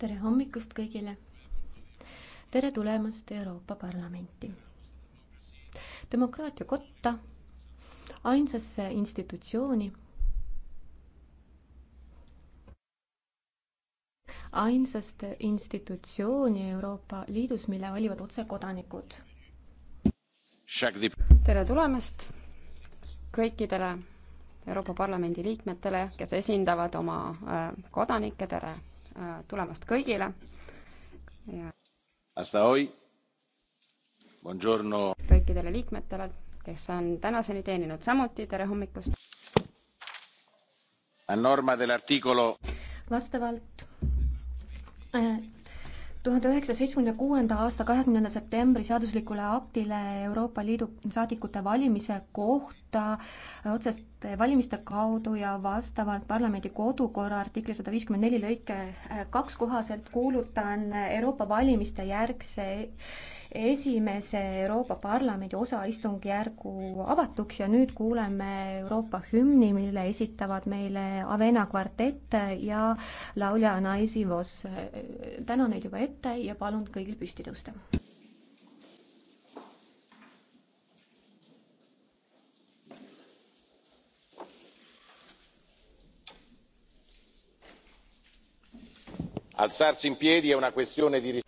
tere hommikust kõigile! tere tulemast Euroopa Parlamenti! demokraatia kotta, ainsasse institutsiooni, ainsast institutsiooni Euroopa Liidus, mille valivad otse kodanikud. tere tulemast kõikidele Euroopa Parlamendi liikmetele, kes esindavad oma äh, kodanikke, tere Äh, tulemast kõigile ja.... kõikidele liikmetele, kes on tänaseni teeninud, samuti tere hommikust. vastavalt äh, tuhande üheksasaja seitsmekümne kuuenda aasta kahekümnenda septembri seaduslikule aktile Euroopa Liidu saadikute valimise kohta äh, otsest valimiste kaudu ja vastavalt parlamendi kodukorra artikli sada viiskümmend neli lõike äh, kaks kohaselt kuulutan Euroopa valimiste järgse esimese Euroopa Parlamendi osa istungjärgu avatuks ja nüüd kuuleme Euroopa hümni, mille esitavad meile Avena kvartett ja laulja Anaisi Vos. tänan neid juba ette ja palun kõigil püsti tõusta. alzarsi in piedi è una questione di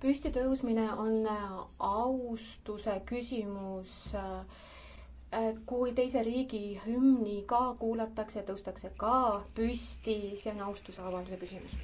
püsti tõusmine on äh, austuse küsimus. Äh, kui teise riigi hümni ka kuulatakse, tõustakse ka püsti, see on austuse avalduse küsimus.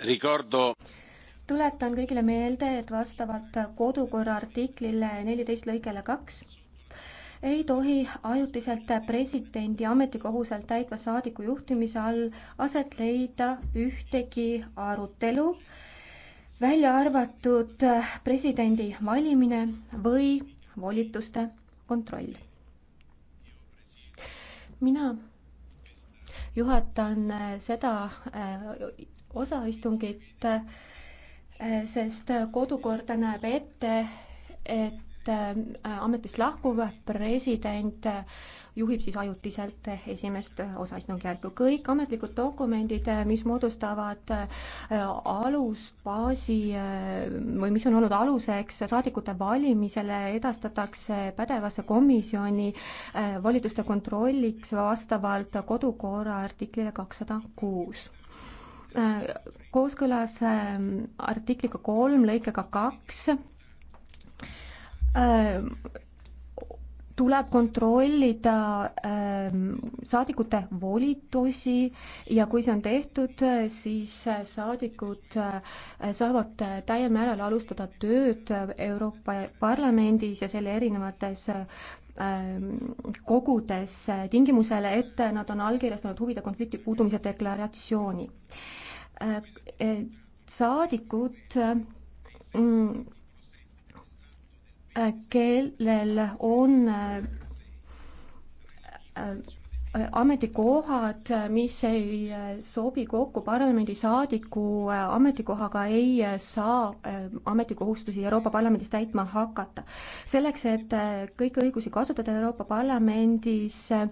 Ricordo tuletan kõigile meelde, et vastavalt kodukorra artiklile neliteist lõikele kaks ei tohi ajutiselt presidendi ametikohuselt täitva saadiku juhtimise all aset leida ühtegi arutelu, välja arvatud presidendi valimine või volituste kontroll. mina juhatan seda osa istungit, eh, sest kodukord näeb ette, et eh, ametist lahkuv president juhib siis ajutiselt esimest osaistungjärku. kõik ametlikud dokumendid, eh, mis moodustavad alusbaasi või mis on olnud aluseks saadikute valimisele, edastatakse pädevasse komisjoni volituste kontrolliks vastavalt kodukorra artiklile kakssada kuus Äh, kooskõlas ähm, artikliga kolm lõikega kaks äh, tuleb kontrollida ähm, saadikute volitusi ja kui see on tehtud, siis saadikud äh, saavad täiel määral alustada tööd Euroopa Parlamendis ja selle erinevates Ähm, kogudes tingimusele, et nad on allkirjastanud huvide konflikti puudumise deklaratsiooni. Äh, äh, saadikud mm, äh, kellel on ametikohad, mis ei sobi kokku parlamendisaadiku ametikohaga, ei saa äh, ametikohustusi Euroopa Parlamendis täitma hakata. selleks, et äh, kõiki õigusi kasutada Euroopa Parlamendis, äh,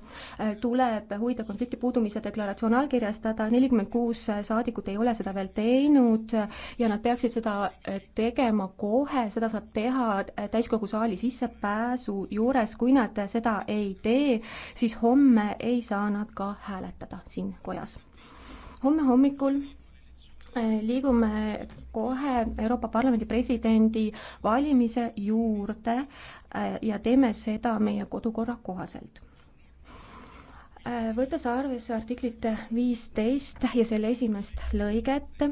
tuleb huvide konflikti puudumise deklaratsioon allkirjastada, nelikümmend kuus saadikut ei ole seda veel teinud ja nad peaksid seda tegema kohe, seda saab teha täiskogu saali sissepääsu juures, kui nad seda ei tee, siis homme ei saa nad ka hääletada siin kojas. homme hommikul eh, liigume kohe Euroopa Parlamendi presidendi valimise juurde eh, ja teeme seda meie kodukorra kohaselt. Eh, võttes arvesse artiklit viisteist ja selle esimest lõiget,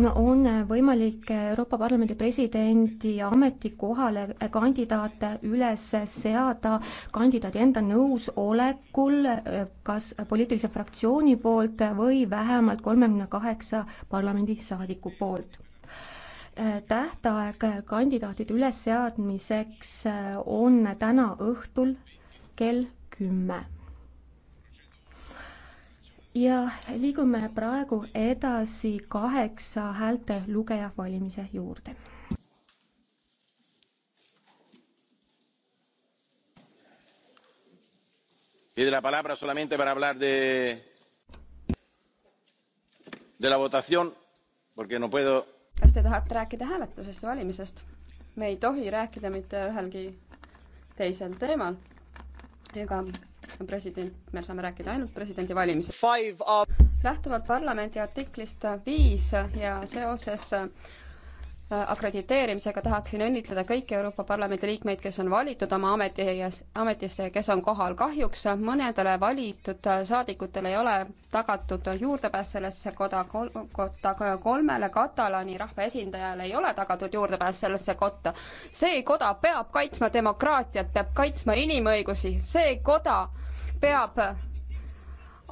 on võimalik Euroopa Parlamendi presidendi ametikohale kandidaate üles seada kandidaadi enda nõusolekul kas poliitilise fraktsiooni poolt või vähemalt kolmekümne kaheksa parlamendisaadiku poolt. tähtaeg kandidaatide ülesseadmiseks on täna õhtul kell kümme ja liigume praegu edasi kaheksa häältelugeja valimise juurde. Pide la palabra solamente para hablar de, de la votación, porque no puedo. kas te tahate rääkida hääletusest ja valimisest? me ei tohi rääkida mitte ühelgi teisel teemal ega president, me saame rääkida ainult presidendi valimisest. lähtuvalt parlamendi artiklist viis ja seoses akrediteerimisega tahaksin õnnitleda kõiki Euroopa Parlamendi liikmeid, kes on valitud oma ameti, ametisse ja kes on kohal. kahjuks mõnedele valitud saadikutele ei ole tagatud juurdepääs sellesse koda, kotta, kolmele Katalaani rahvaesindajale ei ole tagatud juurdepääs sellesse kotta. see koda peab kaitsma demokraatiat, peab kaitsma inimõigusi, see koda peab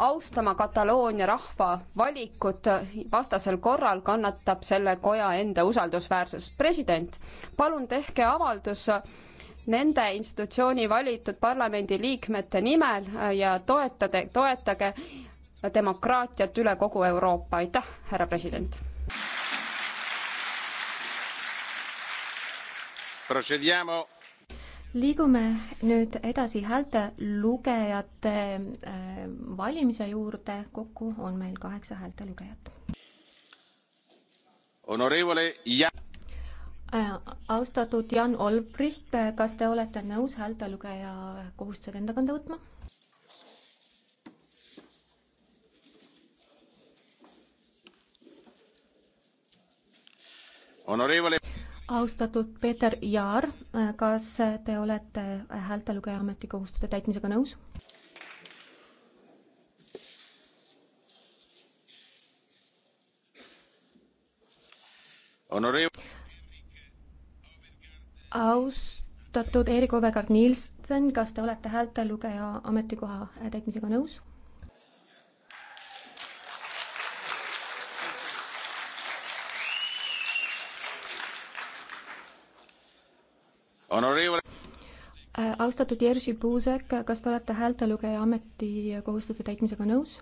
austama Kataloonia rahva valikut, vastasel korral kannatab selle koja enda usaldusväärsus. president, palun tehke avaldus nende institutsiooni valitud parlamendiliikmete nimel ja toetage, toetage demokraatiat üle kogu Euroopa, aitäh, härra president. Procediamo liigume nüüd edasi häälte lugejate äh, valimise juurde, kokku on meil kaheksa häälte lugejat. Äh, austatud Jan Olbricht, kas te olete nõus häälte lugeja kohustused enda kanda võtma? austatud Peeter Jaar, kas te olete häältelugeja ametikohustuste täitmisega nõus? austatud Erik Overgard Nielsen, kas te olete häältelugeja ametikoha täitmisega nõus? Äh, austatud Jerzy Buzek, kas te olete häältelugeja ametikohustuste täitmisega nõus?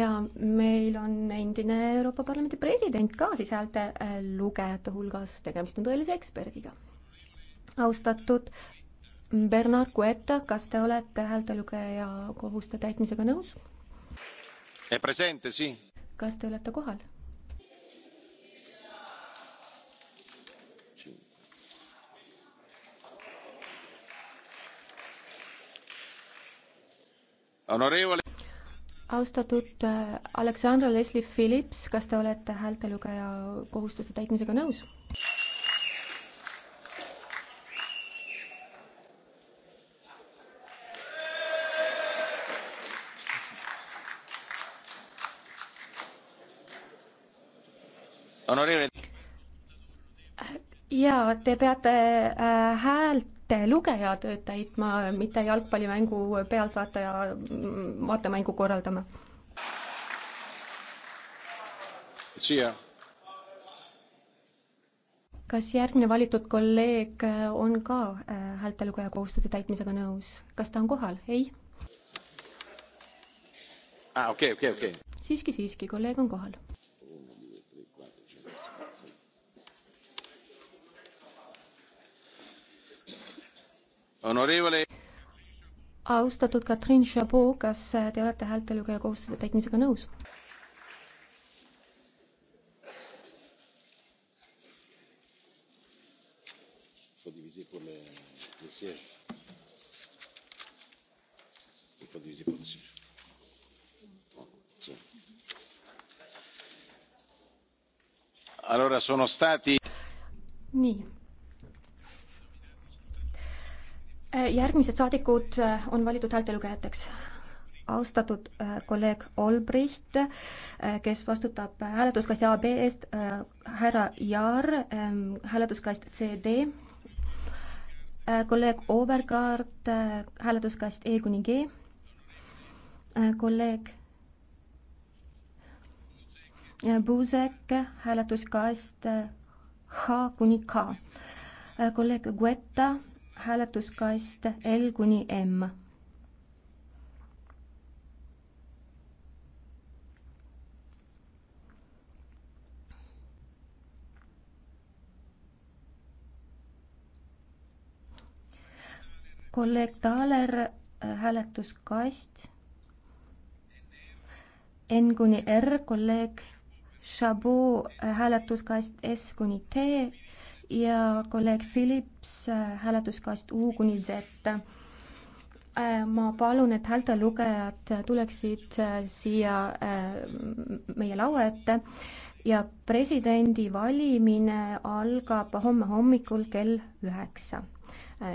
ja meil on endine Euroopa Parlamendi president ka siis häälte äh, lugejate hulgas, tegemist on tõelise eksperdiga. austatud Bernard Guetta, kas te olete häältelugeja kohuste täitmisega nõus? kas te olete kohal? austatud äh, Aleksandra Leslie Phillips, kas te olete häältelugeja kohustuste täitmisega nõus? jaa, te peate äh, häält ette lugeja tööd täitma, mitte jalgpallimängu pealtvaataja mm, vaatemängu korraldama. kas järgmine valitud kolleeg on ka äh, häältelugeja kohustuste täitmisega nõus, kas ta on kohal, ei? Ah, okay, okay, okay. siiski, siiski, kolleeg on kohal Honorevole... austatud Katrin Chabot, kas te olete häältelugeja kohustuste täitmisega nõus? faut diviser pour le, le siège. Il faut diviser pour le siège. Allora sono stati. Nii. järgmised saadikud äh, on valitud häältelugejateks. austatud äh, kolleeg Olbricht, äh, kes vastutab hääletuskast AB eest, härra Jaar, ähm, hääletuskast CD, kolleeg Overgaard, hääletuskast E kuni G, kolleeg Buzek, hääletuskast H kuni K, kolleeg Guetta hääletuskast L kuni M. kolleeg Taaler äh, hääletuskast. N kuni R, kolleeg Chabot äh, hääletuskast S kuni T ja kolleeg Philips äh, hääletuskast U kuni Z. Äh, ma palun, et häältelugejad tuleksid äh, siia meie laua ette ja presidendi valimine algab homme hommikul kell üheksa.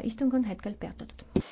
istung on hetkel peatatud.